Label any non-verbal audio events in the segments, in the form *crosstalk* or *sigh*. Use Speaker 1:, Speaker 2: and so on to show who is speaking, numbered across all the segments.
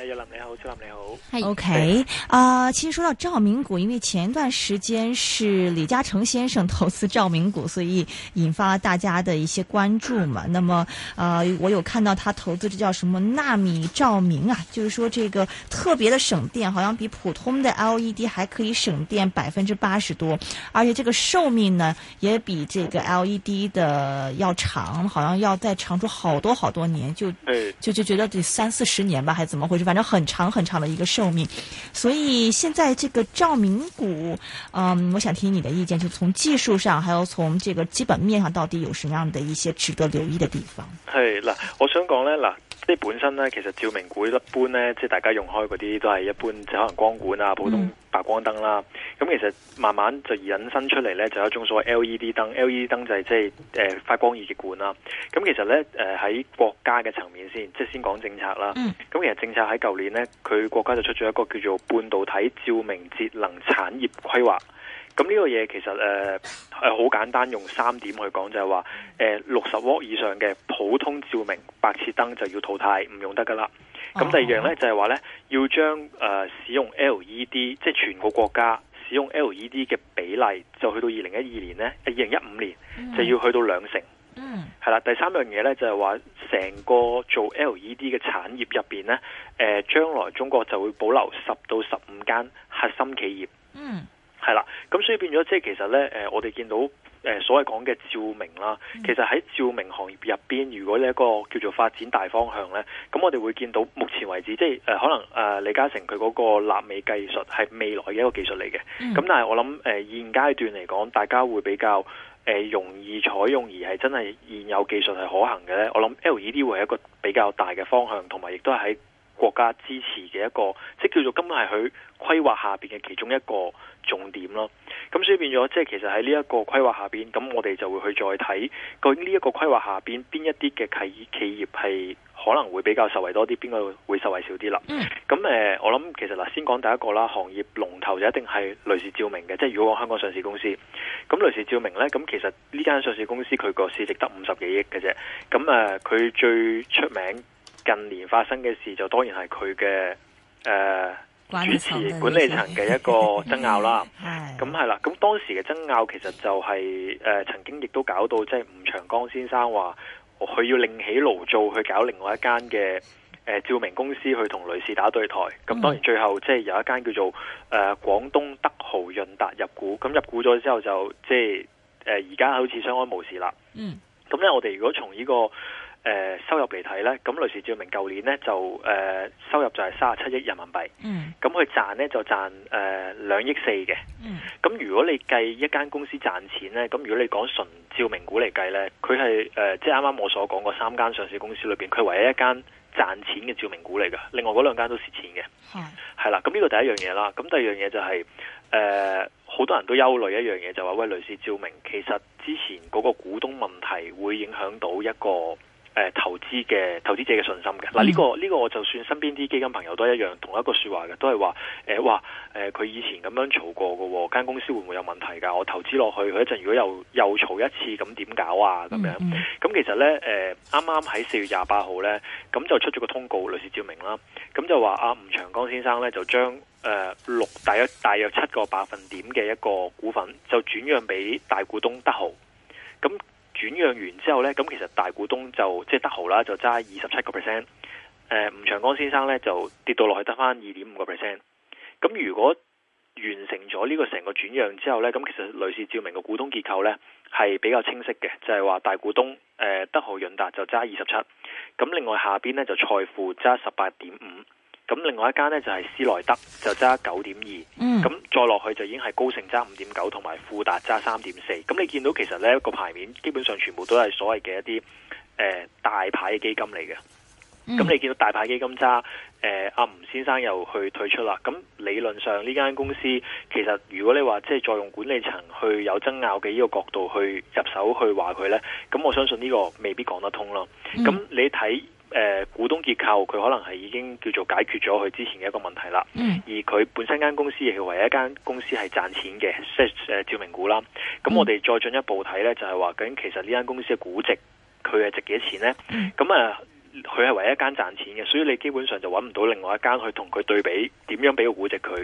Speaker 1: 你好，你好，你好 Okay, 對。OK，啊、呃，其實說到照明股，因為前一段時間是李嘉誠先生投資照明股，所以引發了大家的一些關注嘛。那麼，呃，我有看到他投資這叫什麼納米照明啊，就是說這個特別的省電，好像比普通的 LED 還可以省電百分之八十多，而且這個壽命呢也比這個 LED 的要長，好像要再長出好多好多年，就對就就覺得得三四十年吧，還怎麼回事？反正很長很長的一個壽命，所以現在這個照明股，嗯，我想聽你的意見，就從技術上，還有從這個基本面上，到底有什麼樣的一些值得留意的地方？
Speaker 2: 係嗱，我想講呢，嗱。即係本身咧，其實照明股一般咧，即係大家用開嗰啲都係一般，即可能光管啊、普通白光燈啦。咁、mm. 其實慢慢就引申出嚟咧，就有一種所謂 LED 燈，LED 燈就係即係誒發光二極管啦。咁其實咧誒喺國家嘅層面先，即係先講政策啦。咁、mm. 其實政策喺舊年咧，佢國家就出咗一個叫做《半導體照明節能產業規劃》。咁呢個嘢其實誒好、呃、簡單，用三點去講就係話誒六十瓦以上嘅普通照明白熾燈就要淘汰，唔用得噶啦。
Speaker 3: 咁第二樣咧就
Speaker 2: 係話咧，要將誒、呃、使用 LED，即係全個國家使用 LED 嘅比例，就去到二零一二年咧，二零一五年就要去到兩成。嗯、mm，係、hmm. 啦。第三樣嘢咧就係話，成個做 LED 嘅產業入面咧、呃，將來中國就會保留十到十五間核心企業。
Speaker 3: 嗯、mm。Hmm.
Speaker 2: 係啦，咁所以變咗即係其實咧，誒、呃、我哋見到誒、呃、所謂講嘅照明啦，嗯、其實喺照明行業入邊，如果一個叫做發展大方向咧，咁我哋會見到目前為止，即係誒、呃、可能誒、呃、李嘉誠佢嗰個納米技術係未來嘅一個技術嚟嘅，咁、嗯、但係我諗誒、呃、現階段嚟講，大家會比較誒、呃、容易採用而係真係現有技術係可行嘅咧，我諗 LED 會係一個比較大嘅方向，同埋亦都係喺。國家支持嘅一個，即叫做根本係佢規劃下邊嘅其中一個重點咯。咁所以變咗，即係其實喺呢一個規劃下邊，咁我哋就會去再睇，究竟呢一個規劃下邊，邊一啲嘅企企業係可能會比較受惠多啲，邊個會受惠少啲啦。咁誒、嗯，我諗其實嗱，先講第一個啦，行業龍頭就一定係雷士照明嘅，即係如果講香港上市公司。咁雷士照明呢，咁其實呢間上市公司佢個市值得五十幾億嘅啫。咁誒，佢最出名。近年發生嘅事就當然係佢嘅誒
Speaker 3: 主持管理層嘅一
Speaker 2: 個爭拗啦。咁係啦，咁當時嘅爭拗其實就係、是、誒、呃、曾經亦都搞到即係、就是、吳長江先生話佢要另起爐灶去搞另外一間嘅誒照明公司去同雷士打對台。咁、嗯、當然最後即係有一間叫做誒、呃、廣東德豪潤達入股。咁入股咗之後就即係誒而家好似相安無事啦。嗯。咁咧，我哋如果從呢、這個誒、呃，收入嚟睇咧，咁雷士照明舊年咧就誒、呃、收入就係三十七億人民幣。嗯、mm.，咁佢賺咧就賺誒兩億四嘅。嗯、呃，咁、mm. 如果你計一間公司賺錢咧，咁如果你講純照明股嚟計咧，佢係誒即係啱啱我所講嗰三間上市公司裏邊，佢唯一一間賺錢嘅照明股嚟噶。另外嗰兩間都蝕錢嘅。係係啦，咁呢個第一樣嘢啦。咁第二樣嘢就係、是、誒，好、呃、多人都憂慮一樣嘢，就話喂，雷士照明其實之前嗰個股東問題會影響到一個。誒，投資嘅投資者嘅信心嘅，嗱、啊、呢、這個呢、這個我就算身邊啲基金朋友都一樣，同一個說話嘅，都係話誒，哇、呃，誒，佢、呃呃、以前咁樣炒過嘅，間公司會唔會有問題噶？我投資落去，佢一陣如果又又炒一次，咁點搞啊？咁樣，咁、嗯嗯嗯、其實咧，誒、呃，啱啱喺四月廿八號咧，咁、嗯、就出咗個通告，雷士照明啦，咁、嗯、就話阿吳長江先生咧就將誒六大約大約七個百分點嘅一個股份就轉讓俾大股東德豪，咁、嗯。轉讓完之後呢，咁其實大股東就即係德豪啦，就揸二十七個 percent。誒，吳長江先生呢，就跌到落去得翻二點五個 percent。咁如果完成咗呢個成個轉讓之後呢，咁其實雷士照明嘅股東結構呢，係比較清晰嘅，就係、是、話大股東誒、呃、德豪潤達就揸二十七，咁另外下邊呢，就賽富揸十八點五。咁另外一間呢，就係施萊德就揸九點二，咁再落去就已經係高盛揸五點九，同埋富達揸三點四。咁你見到其實呢一個牌面，基本上全部都係所謂嘅一啲、呃、大牌基金嚟嘅。
Speaker 3: 咁、嗯、你見
Speaker 2: 到大牌基金揸誒阿吳先生又去退出啦。咁理論上呢間公司其實如果你話即係再用管理層去有爭拗嘅呢個角度去入手去話佢呢，咁我相信呢個未必講得通咯。咁、嗯、你睇。誒、呃、股東結構佢可能係已經叫做解決咗佢之前嘅一個問題啦，嗯、而佢本身間公司係唯一間公司係賺錢嘅，即係、呃、照明股啦。咁、嗯、我哋再進一步睇呢，就係、是、話究竟其實呢間公司嘅估值佢係值幾多錢呢？咁啊、嗯，佢係、嗯、唯一間賺錢嘅，所以你基本上就揾唔到另外一間去同佢對比點樣俾個估值佢。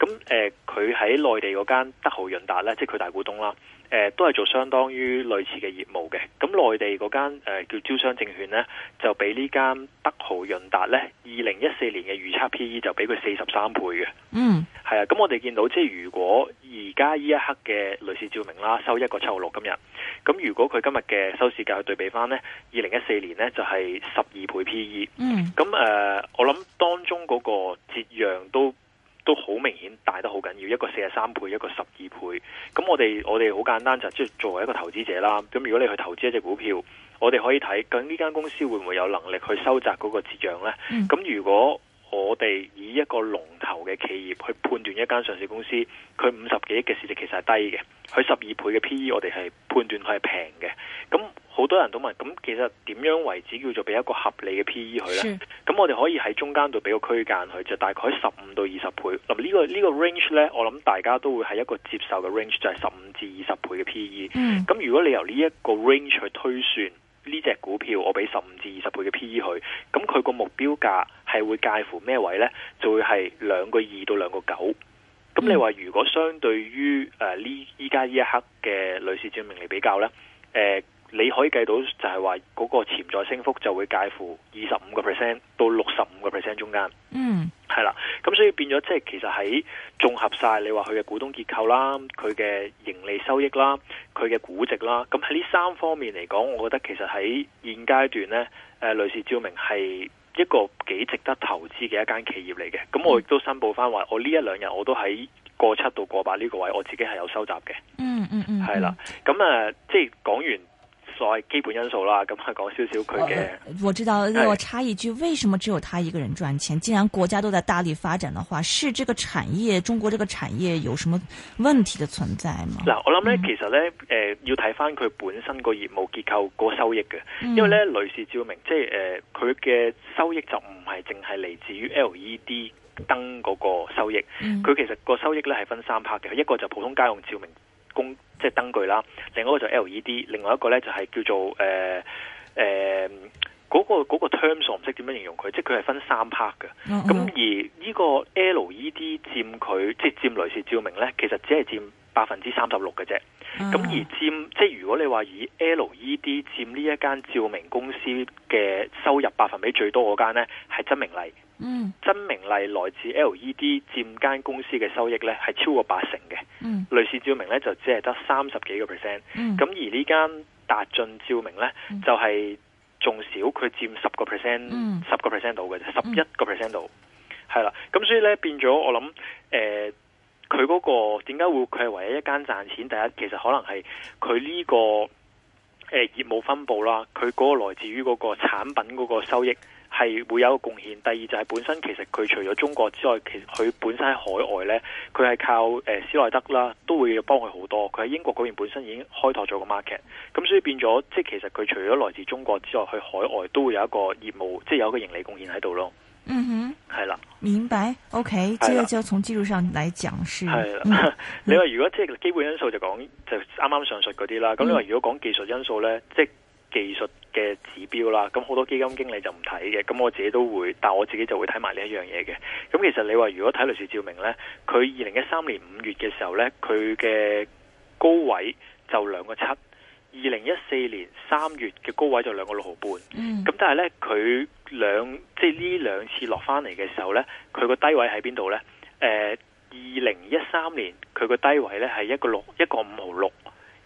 Speaker 2: 咁、嗯、誒，佢、呃、喺內地嗰間德豪潤達呢，即係佢大股東啦。誒都係做相當於類似嘅業務嘅，咁內地嗰間、呃、叫招商證券呢，就畀呢間德豪潤達呢，二零一四年嘅預測 P E 就畀佢四十三倍嘅。嗯，係啊，咁我哋見到即係如果而家呢一刻嘅類似照明啦，收一個七號六今日，咁如果佢今日嘅收市價去對比翻呢，二零一四年呢，就係十二倍 P E。嗯，咁誒、呃，我諗當中嗰個折讓都。都好明顯大得好緊要，一個四十三倍，一個十二倍。咁我哋我哋好簡單就即係作為一個投資者啦。咁如果你去投資一隻股票，我哋可以睇究竟呢間公司會唔會有能力去收窄嗰個折讓呢？咁、嗯、如果我哋以一個龍頭嘅企業去判斷一間上市公司，佢五十幾億嘅市值其實係低嘅，佢十二倍嘅 P E 我哋係判斷佢係平嘅。咁好多人都問，咁其實點樣為止叫做俾一個合理嘅 P E 佢呢？咁是我哋可以喺中間度俾個區間佢，就大概十五到二十倍。嗱、這個，呢、這個呢 range 呢，我諗大家都會係一個接受嘅 range，就係十五至二十倍嘅 P E。咁、嗯、如果你由呢一個 range 去推算呢隻、這個、股票我15，我俾十五至二十倍嘅 P E 佢，咁佢個目標價係會介乎咩位呢？就會係兩個二到兩個九。
Speaker 3: 咁你話
Speaker 2: 如果相對於呢依家呢一刻嘅類似照明嚟比較呢？呃你可以計到，就係話嗰個潛在升幅就會介乎二十五個 percent 到六十五個 percent 中間。嗯，係啦。咁所以變咗，即係其實喺綜合晒你話佢嘅股東結構啦、佢嘅盈利收益啦、佢嘅估值啦，咁喺呢三方面嚟講，我覺得其實喺現階段咧，誒、呃，雷士照明係一個幾值得投資嘅一間企業嚟嘅。咁我亦都申報翻話，我呢一兩日我都喺過七到過八呢個位，我自己係有收集嘅。
Speaker 1: 嗯，嗯
Speaker 2: 嗯嗯，係啦。咁啊、呃，即係講完。在基本因素啦，咁係講少少佢嘅。
Speaker 1: 我知道，我插一句，為什麼只有他一個人賺錢？是既然國家都在大力發展的話，是這個產業，中國這個產業有什麼問題的存在嗎？嗱，我
Speaker 2: 諗咧，嗯、其實咧，誒、呃，要睇翻佢本身個業務結構個收益嘅，嗯、因為咧，雷士照明，即係誒，佢、呃、嘅收益就唔係淨係嚟自於 LED 燈嗰個收益，佢、嗯、其實個收益咧係分三 part 嘅，一個就是普通家用照明。即係燈具啦，另，LED，另外一個就 L E D，另外一個咧就係叫做誒誒嗰個、那個 terms 唔識點樣形容佢，即係佢係分三 part 嘅。咁、mm hmm. 而呢個 L E D 佔佢即係佔雷士照明咧，其實只係佔百分之三十六嘅啫。咁而佔、mm hmm. 即係如果你話以 L E D 佔呢一間照明公司嘅收入百分比最多嗰間咧，係真明麗。嗯、
Speaker 3: mm，hmm. 真明
Speaker 2: 麗來自 L E D 佔間公司嘅收益咧，係超過八成嘅。類似照明咧就只係得三十幾個 percent，咁、嗯、而呢間達進照明咧、嗯、就係仲少，佢佔十個 percent，十、嗯、個 percent 到嘅啫，十一個 percent 到，係啦，咁所以咧變咗我諗，誒、呃，佢嗰、嗰個點解會佢係唯一一間賺錢？第一，其實可能係佢呢個誒、呃、業務分布啦，佢嗰個來自於嗰個產品嗰個收益。係會有個貢獻。第二就係本身其實佢除咗中國之外，其實佢本身喺海外咧，佢係靠誒施耐德啦，都會幫佢好多。佢喺英國嗰邊本身已經開拓咗個 market，咁所以變咗即係其實佢除咗來自中國之外，去海外都會有一個業務，即係有一個盈利貢獻喺度咯。嗯哼，係啦，
Speaker 1: 明白。OK，即係就從技術上來講，是。係啦。
Speaker 2: 你話如果即係基本因素就講就啱啱上述嗰啲啦。咁你話如果講技術因素咧，嗯、即技術嘅指標啦，咁好多基金經理就唔睇嘅，咁我自己都會，但我自己就會睇埋呢一樣嘢嘅。咁其實你話如果睇雷士照明呢，佢二零一三年五月嘅時候呢，佢嘅高位就兩個七，二零一四年三月嘅高位就兩個六毫半。咁、mm. 但係呢，佢兩即係呢兩次落返嚟嘅時候呢，佢個低位喺邊度呢？誒，二零一三年佢個低位呢，係一個六、一個五毫六。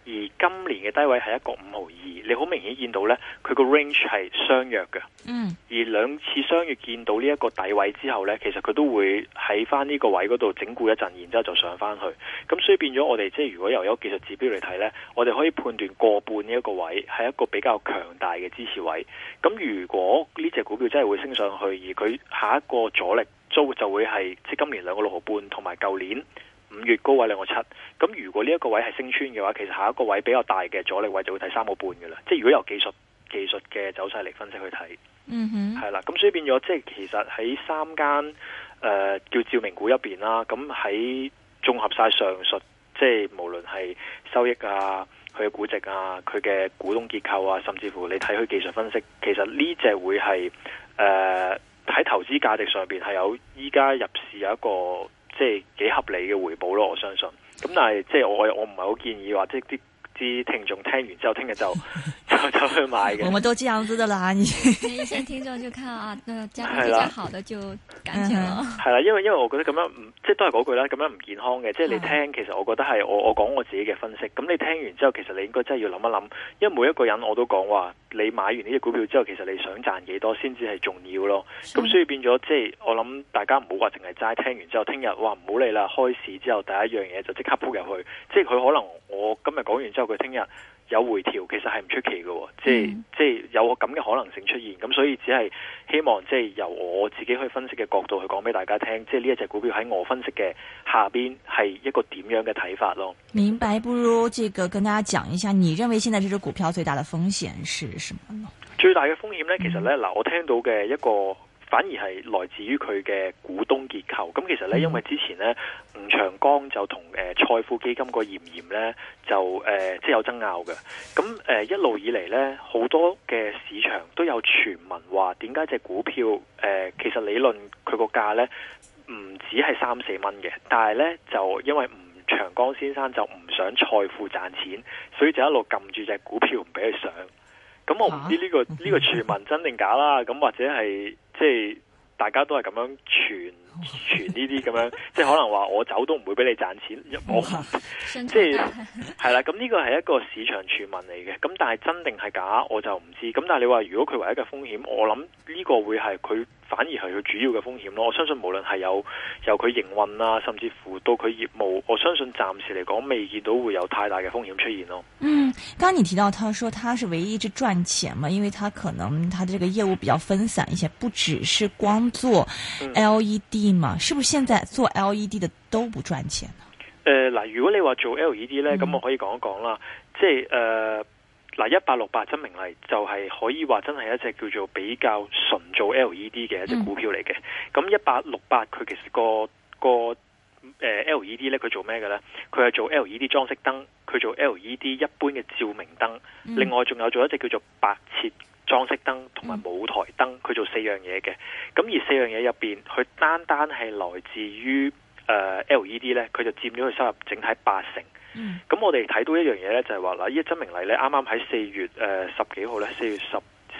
Speaker 2: 而今年嘅低位係一個五毫二，你好明顯見到呢，佢個 range 係相約嘅。嗯，而兩次相約見到呢一個底位之後呢，其實佢都會喺翻呢個位嗰度整固一陣，然之後就上翻去。咁所以變咗我哋即係如果由一個技術指標嚟睇呢，我哋可以判斷過半呢一個位係一個比較強大嘅支持位。咁如果呢隻股票真係會升上去，而佢下一個阻力租就會係即係今年兩個六毫半同埋舊年。五月高位兩個七，咁如果呢一個位係升穿嘅話，其實下一個位比較大嘅阻力位就會睇三個半嘅啦。即係如果由技術技術嘅走勢嚟分析去睇，
Speaker 3: 嗯哼，係
Speaker 2: 啦。咁所以變咗，即係其實喺三間誒、呃、叫照明股入邊啦。咁喺綜合晒上述，即係無論係收益啊、佢嘅估值啊、佢嘅股東結構啊，甚至乎你睇佢技術分析，其實呢隻會係誒喺投資價值上邊係有依家入市有一個。即係幾合理嘅回報咯，我相信。咁但係即係我我唔係好建議話，即係啲。啲聽眾聽完之後，聽日 *laughs* 就就去買嘅。我們都這樣子的啦， *laughs* *laughs* 你啲一些聽眾就
Speaker 1: 看啊，那價位比較好的就感着咯。
Speaker 2: 係啦，因為因為我覺得咁樣唔即係都係嗰句啦，咁樣唔健康嘅。即係你聽， *laughs* 其實我覺得係我我講我自己嘅分析。咁 *laughs* 你聽完之後，其實你應該真係要諗一諗。因為每一個人我都講話，你買完呢隻股票之後，其實你想賺幾多先至係重要咯。咁 *laughs* 所以變咗即係我諗，大家唔好話淨係齋聽完之後，聽日話唔好理啦，開市之後第一樣嘢就即刻鋪入去。即係佢可能我今日講完之後。佢聽日有回調，其實係唔出奇嘅。嗯，即係即係有咁嘅可能性出現，咁所以只係希望即係由我自己去分析嘅角度去講俾大家聽，即係呢一隻股票喺我分析嘅下邊係一個點樣嘅睇法咯。
Speaker 1: 明白，不如這個跟大家講一下，你認為現在這隻股票最大的風險是什麼
Speaker 2: 呢？最大嘅風險呢？其實呢，嗱，我聽到嘅一個。反而係來自於佢嘅股東結構。咁其實咧，因為之前咧，吳長江就同誒賽富基金個嚴嚴咧，就誒即係有爭拗嘅。咁誒、呃、一路以嚟咧，好多嘅市場都有傳聞話，點解隻股票誒、呃、其實理論佢個價咧唔止係三四蚊嘅，但係咧就因為吳長江先生就唔想賽富賺錢，所以就一路撳住隻股票唔俾佢上。咁我唔知呢、這個呢、啊、個傳聞真定假啦。咁或者係。即係大家都係咁樣傳傳呢啲咁樣， *laughs* 即係可能話我走都唔會俾你賺錢，
Speaker 3: *laughs* 即係
Speaker 2: 係啦。咁呢 *laughs* 個係一個市場傳聞嚟嘅，咁但係真定係假我就唔知。咁但係你話如果佢唯一嘅風險，我諗呢個會係佢。反而係佢主要嘅風險咯，我相信無論係有由佢營運啊，甚至乎到佢業務，我相信暫時嚟講未見到會有太大嘅風險出現咯。嗯，
Speaker 1: 剛你提到，佢話佢係唯一一隻賺錢嘛，因為佢可能佢嘅呢個業務比較分散一些，不只是光做 LED 嘛，嗯、是不是？現在做 LED 的都不賺錢啊？
Speaker 2: 誒嗱、呃呃，如果你話做 LED 咧，咁、嗯、我可以講一講啦，即係誒。呃嗱，一八六八真明麗就係可以話真係一隻叫做比較純做 LED 嘅一隻股票嚟嘅。咁一八六八佢其實個個、呃、LED 咧，佢做咩嘅咧？佢係做 LED 裝飾燈，佢做 LED 一般嘅照明燈，嗯、另外仲有做一隻叫做白切裝飾燈同埋舞台燈，佢做四樣嘢嘅。咁而四樣嘢入邊，佢單單係來自於、呃、LED 咧，佢就佔咗佢收入整體八成。嗯，咁我哋睇到一樣嘢咧，就係話嗱，依一真明麗咧，啱啱喺四月誒十幾號咧，四月十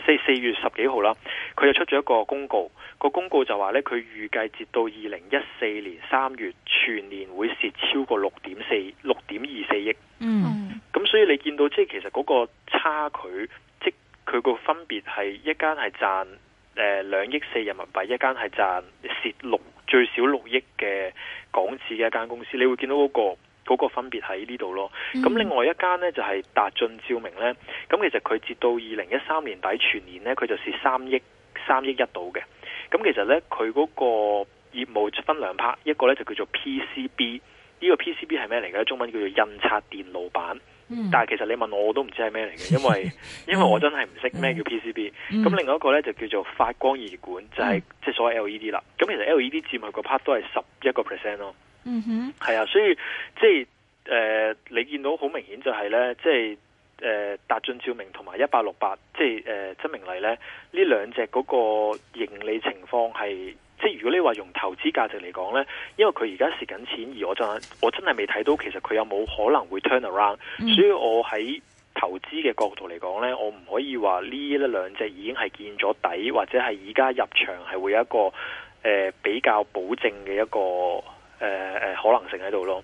Speaker 2: 四四月十幾號啦，佢就出咗一個公告，個公告就話咧，佢預計截到二零一四年三月全年會蝕超過六點四六點二四億。嗯，咁所以你見到即係其實嗰個差距，即佢個分別係一間係賺誒兩億四人民幣，一間係賺蝕六最少六億嘅港紙嘅一間公司，你會見到嗰個。嗰個分別喺呢度咯，咁、嗯、另外一間呢，就係、是、達進照明呢。咁其實佢截到二零一三年底全年呢，佢就蝕三億三億一度嘅，咁其實呢，佢嗰個業務分兩 part，一個呢就叫做 PCB，呢個 PCB 係咩嚟嘅？中文叫做印刷電路板，嗯、但係其實你問我，我都唔知係咩嚟嘅，因為因為我真係唔識咩叫 PCB，咁、嗯、另外一個呢，就叫做發光二管，就係、是、即係所謂 LED 啦，咁、嗯、其實 LED 佔佢個 part 都係十一個 percent 咯。嗯哼，係、mm hmm. 啊，所以即係誒、呃，你見到好明顯就係、是、咧，即係誒達俊照明同埋一八六八，即係誒真明麗咧呢兩隻嗰個盈利情況係，即係如果你話用投資價值嚟講咧，因為佢而家蝕緊錢，而我就我真係未睇到其實佢有冇可能會 turn around，、mm hmm. 所以我喺投資嘅角度嚟講咧，我唔可以話呢一兩隻已經係見咗底，或者係而家入場係會有一個誒、呃、比較保證嘅一個。誒誒、呃呃，可能性喺度咯。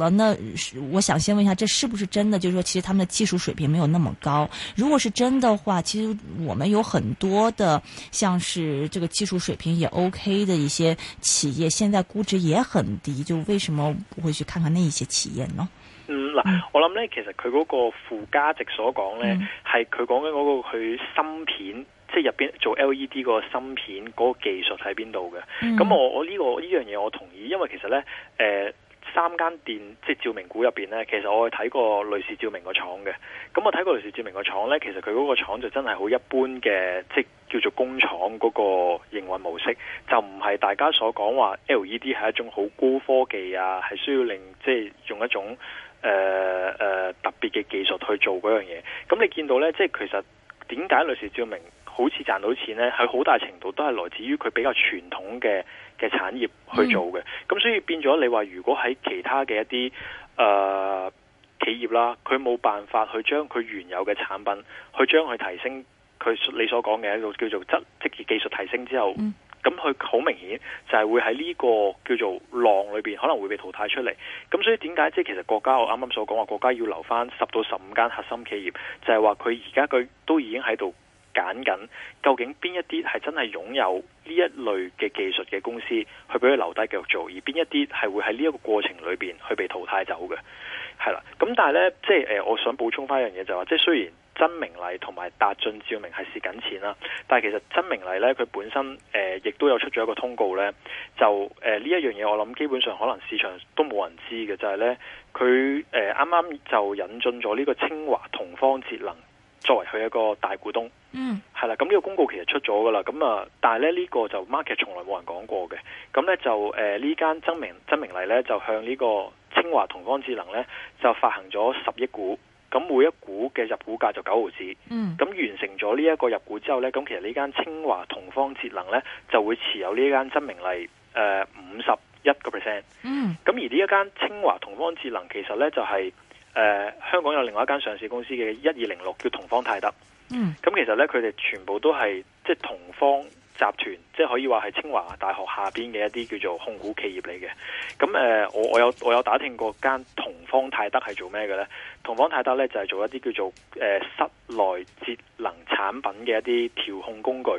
Speaker 1: 那，我想先問一下，這是不是真的？就是說，其實他們的技術水平沒有那麼高。如果是真的話，其實我們有很多的，像是這個技術水平也 OK 的一些企業，現在估值也很低。就為什麼不會去看看那一些企業呢？嗯，
Speaker 2: 嗱，我諗咧，其實佢嗰個附加值所講咧，係佢、嗯、講緊嗰、個佢芯片，即係入邊做 LED 嗰個芯片嗰、個技術喺邊度嘅。咁、嗯、我我呢、呢個呢樣嘢我同意，因為其實咧，誒、呃。三間店，即照明股入邊呢，其實我睇過雷士照明個廠嘅，咁我睇過雷士照明個廠呢，其實佢嗰個廠就真係好一般嘅，即叫做工廠嗰個營運模式，就唔係大家所講話 LED 係一種好高科技啊，係需要令即用一種誒誒、呃呃、特別嘅技術去做嗰樣嘢。咁你見到呢，即其實點解雷士照明？好似賺到錢呢，佢好大程度都係來自於佢比較傳統嘅嘅產業去做嘅。咁、嗯、所以變咗你話，如果喺其他嘅一啲誒、呃、企業啦，佢冇辦法去將佢原有嘅產品去將佢提升，佢你所講嘅一種叫做質職業技術提升之後，咁佢好明顯就係會喺呢個叫做浪裏邊可能會被淘汰出嚟。咁所以點解即係其實國家我啱啱所講話國家要留返十到十五間核心企業，就係話佢而家佢都已經喺度。揀緊究竟邊一啲係真係擁有呢一類嘅技術嘅公司，去俾佢留低繼續做，而邊一啲係會喺呢一個過程裏邊去被淘汰走嘅，係啦。咁但係呢，即係、呃、我想補充翻一樣嘢就話、是，即係雖然真明麗同埋達俊照明係蝕緊錢啦，但係其實真明麗呢，佢本身亦、呃、都有出咗一個通告呢。就呢、呃、一樣嘢，我諗基本上可能市場都冇人知嘅，就係、是、呢，佢啱啱就引進咗呢個清華同方節能作為佢一個大股東。嗯，係啦，咁呢個公告其實出咗噶啦，咁啊，但係咧呢、這個就 market 從來冇人講過嘅，咁咧就誒、呃、呢間真明真明麗咧就向呢個清華同方智能咧就發行咗十億股，咁每一股嘅入股價就九毫子，嗯，咁完成咗呢一個入股之後咧，咁其實呢間清華同方智能咧就會持有呢間真明麗誒五十一個 percent，嗯，咁而呢一間清華同方智能其實咧就係、是、誒、呃、香港有另外一間上市公司嘅一二零六叫同方泰德。咁、嗯、其實咧，佢哋全部都係即係同方集團，即係可以話係清華大學下邊嘅一啲叫做控股企業嚟嘅。咁誒、呃，我我有我有打聽過間同方泰德係做咩嘅咧？同方泰德咧就係、是、做一啲叫做誒、呃、室內節能產品嘅一啲調控工具。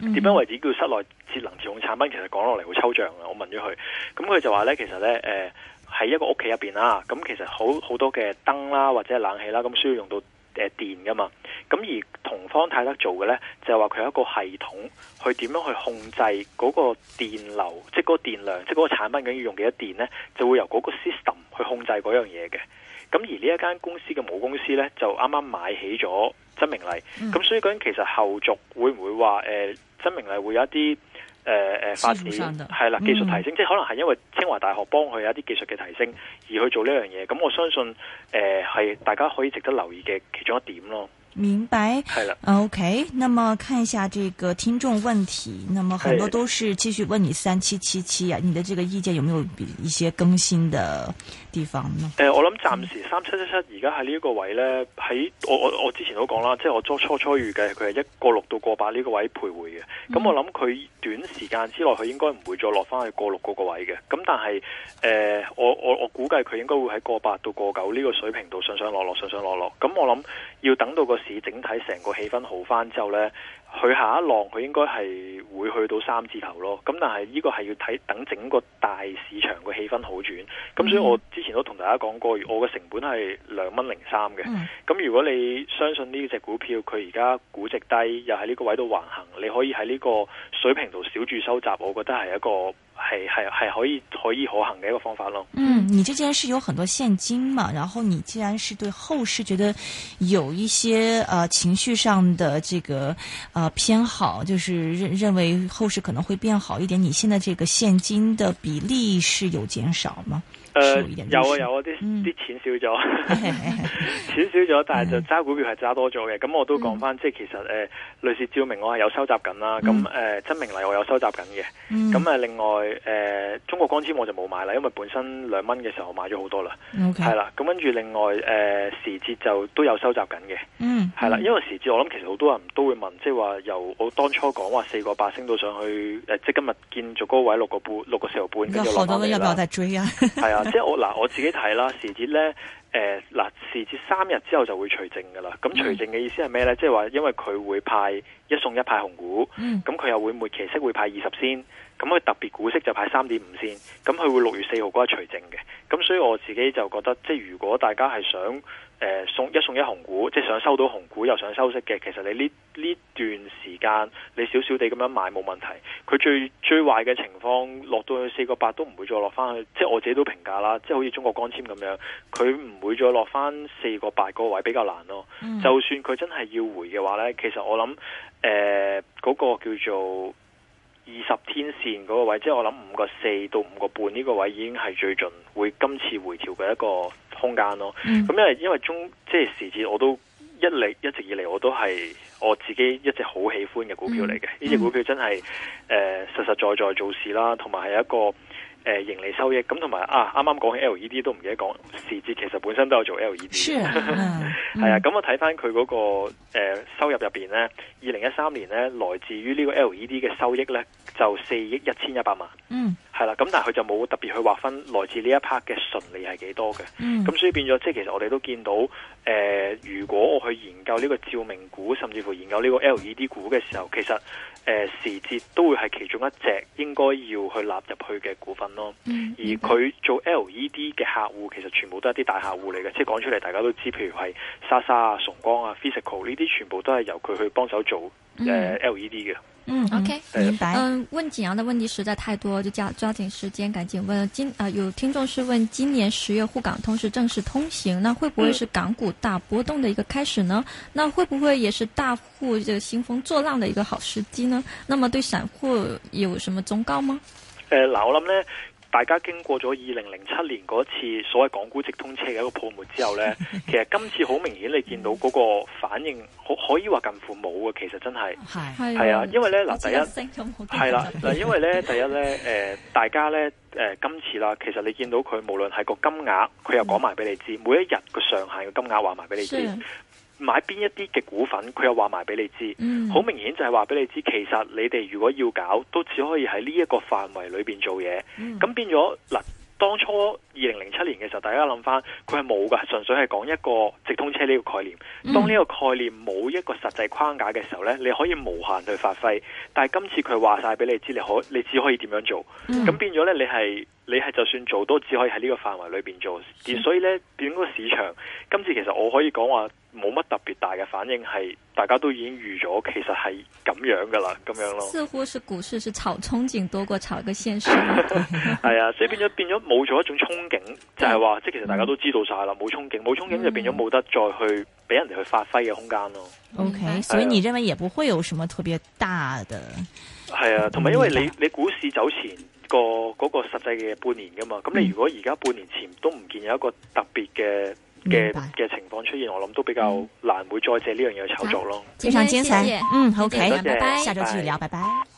Speaker 2: 點、嗯、樣為之叫室內節能調控產品？其實講落嚟好抽象啊！我問咗佢，咁佢就話咧，其實咧誒喺一個屋企入邊啦，咁其實好好多嘅燈啦或者冷氣啦，咁需要用到。誒電噶嘛，咁而同方泰德做嘅咧，就係話佢有一個系統去點樣去控制嗰個電流，即係嗰個電量，即係嗰個產品究竟要用幾多電咧，就會由嗰個 system 去控制嗰樣嘢嘅。咁而呢一間公司嘅母公司咧，就啱啱買起咗真明麗，咁所以究竟其實後續會唔會話、呃、真明麗會有一啲？誒誒、呃、發展係啦，技術提升，嗯、即係可能係因為清華大學幫佢有一啲技術嘅提升而去做呢樣嘢，咁我相信誒係、呃、大家可以值得留意嘅其中一點咯。
Speaker 1: 明白，係啦，OK。那麼看一下這個聽眾問題，那麼很多都是繼續問你三七七七啊，你的這個意見有沒有比一些更新的地方呢？誒、
Speaker 2: 呃，我諗暫時三七七七而家喺呢一個位咧，喺我我我之前都講啦，即係我初初初預計佢係一過六到過八呢個位徘徊嘅。咁我諗佢短時間之內佢應該唔會再落翻去過六嗰個位嘅。咁但係誒、呃，我我我估計佢應該會喺過八到過九呢個水平度上上落落上上落落。咁我諗要等到個。整體成個氣氛好翻之後呢，佢下一浪佢應該係會去到三字頭咯。咁但係呢個係要睇等整個大市場個氣氛好轉。咁所以我之前都同大家講過，我嘅成本係兩蚊零三嘅。咁、mm hmm. 如果你相信呢隻股票，佢而家估值低，又喺呢個位度橫行，你可以喺呢個水平度少注收集，我覺得係一個。係係係可以可以可行嘅一個方法咯。
Speaker 1: 嗯，你之前是有很多現金嘛？然後你既然是對後市覺得有一些呃情緒上的這個呃偏好，就是認認為後市可能會變好一點，你現在這個現金的比例是有減少嗎？
Speaker 2: 誒、呃，有啊有啊，啲啲、啊、錢少咗，嗯、 *laughs* 錢少咗，但係就揸股票係揸多咗嘅。咁我都講翻，嗯、即係其實誒、呃，類似照明我係有收集緊啦。咁誒、嗯嗯呃，真明麗我有收集緊嘅。咁啊、嗯嗯，另外誒、呃，中國光纖我就冇買啦，因為本身兩蚊嘅時候我買咗好多啦。係係啦。咁、okay, 跟住另外誒、呃，時捷就都有收集緊嘅。嗯，係啦。因為時捷我諗其實好多人都會問，即係話由我當初講話四個八升到上去，誒、呃，即係今日見住高位六個半，六個四毫半，而有追啊。係啊的。 *laughs* *laughs* 即係我嗱，我自己睇啦，時節咧，誒、呃、嗱，時節三日之後就會除證噶啦。咁除證嘅意思係咩咧？即係話因為佢會派一送一派紅股，咁佢 *laughs* 又會末期息會派二十仙？咁佢特別股息就派三點五仙，咁佢會六月四號嗰日除證嘅。咁所以我自己就覺得，即係如果大家係想。誒送、呃、一送一紅股，即係想收到紅股又想收息嘅，其實你呢呢段時間你少少地咁樣買冇問題。佢最最壞嘅情況落到去四個八都唔會再落翻去，即係我自己都評價啦，即係好似中國光纖咁樣，佢唔會再落翻四個八嗰個位，比較難咯。嗯、就算佢真係要回嘅話呢，其實我諗誒嗰個叫做二十天線嗰個位，即係我諗五個四到五個半呢個位已經係最盡會今次回調嘅一個空間咯。咁因為因為中即係時節，我都一嚟一直以嚟我都係我自己一直好喜歡嘅股票嚟嘅。呢隻股票真係、嗯呃、實實在在做事啦，同埋係一個。誒盈利收益咁同埋啊，啱啱講起 L E D 都唔記得講時節，其實本身都有做 L E D，係啊，咁我睇翻佢嗰個、呃、收入入面咧，二零一三年咧來自於呢個 L E D 嘅收益咧就四億一千一百萬，嗯。係啦，咁但係佢就冇特別去劃分來自呢一 part 嘅純利係幾多嘅，咁、嗯、所以變咗即係其實我哋都見到，誒、呃、如果我去研究呢個照明股，甚至乎研究呢個 LED 股嘅時候，其實誒、呃、時捷都會係其中一隻應該要去納入去嘅股份咯。嗯嗯、而佢做 LED 嘅客戶，其實全部都係啲大客戶嚟嘅，即係講出嚟大家都知道，譬如係莎莎啊、崇光啊、Physical 呢啲，全部都係由佢去幫手做誒、呃嗯、LED 嘅。
Speaker 1: 嗯，OK，明、呃、白。嗯，問景羊的問題實在太多，就抓抓緊時間趕緊問。今啊、呃，有聽眾是問今年十月滬港通是正式通行，那會不會是港股大波動的一個開始呢？嗯、那會不會也是大戶這個興風作浪的一個好時機呢？那麼對散戶有什麼忠告嗎？
Speaker 2: 呃，老林呢。大家經過咗二零零七年嗰次所謂港股直通車嘅一個泡沫之後呢， *laughs* 其實今次好明顯你見到嗰個反應可可以話近乎冇嘅，其實真係係 *laughs* 啊，因為呢，嗱，第一係啦嗱，因為呢，第一呢，大家呢，呃，今次啦，其實你見到佢無論係個金額，佢又講埋俾你知， *laughs* 每一日個上限嘅金額話埋俾你知。買邊一啲嘅股份，佢又話埋俾你知，好、嗯、明顯就係話俾你知，其實你哋如果要搞，都只可以喺呢一個範圍裏邊做嘢。咁、嗯、變咗嗱，當初二零零七年嘅時候，大家諗翻，佢係冇噶，純粹係講一個直通車呢個概念。當呢個概念冇一個實際框架嘅時候呢，你可以無限去發揮。但係今次佢話晒俾你知，你可你只可以點樣做。咁、嗯、變咗呢，你係。你係就算做都只可以喺呢個範圍裏面做，而所以呢變個市場今次其實我可以講話冇乜特別大嘅反應，係大家都已經預咗，其實係咁樣噶啦，咁樣咯。似
Speaker 1: 乎是股市是炒憧憬多過炒個現實。
Speaker 2: 係啊，所以變咗變咗冇咗一種憧憬，就係、是、話即係其實大家都知道晒啦，冇、嗯、憧憬，冇憧憬就變咗冇得再去俾人哋去發揮嘅空間咯。
Speaker 1: OK，、哎、呀所以你認為也不會有什麼特別大的。
Speaker 2: 係啊，同埋因為你、嗯、你股市走前。個嗰個實際嘅半年㗎嘛，咁你、嗯、如果而家半年前都唔見有一個特別嘅嘅嘅情況出現，我諗都比較難會再借呢樣嘢去炒作咯。非、嗯啊、常精彩，嗯，經常經常嗯，OK，拜拜，下周繼續聊，拜拜。拜拜
Speaker 1: 拜拜。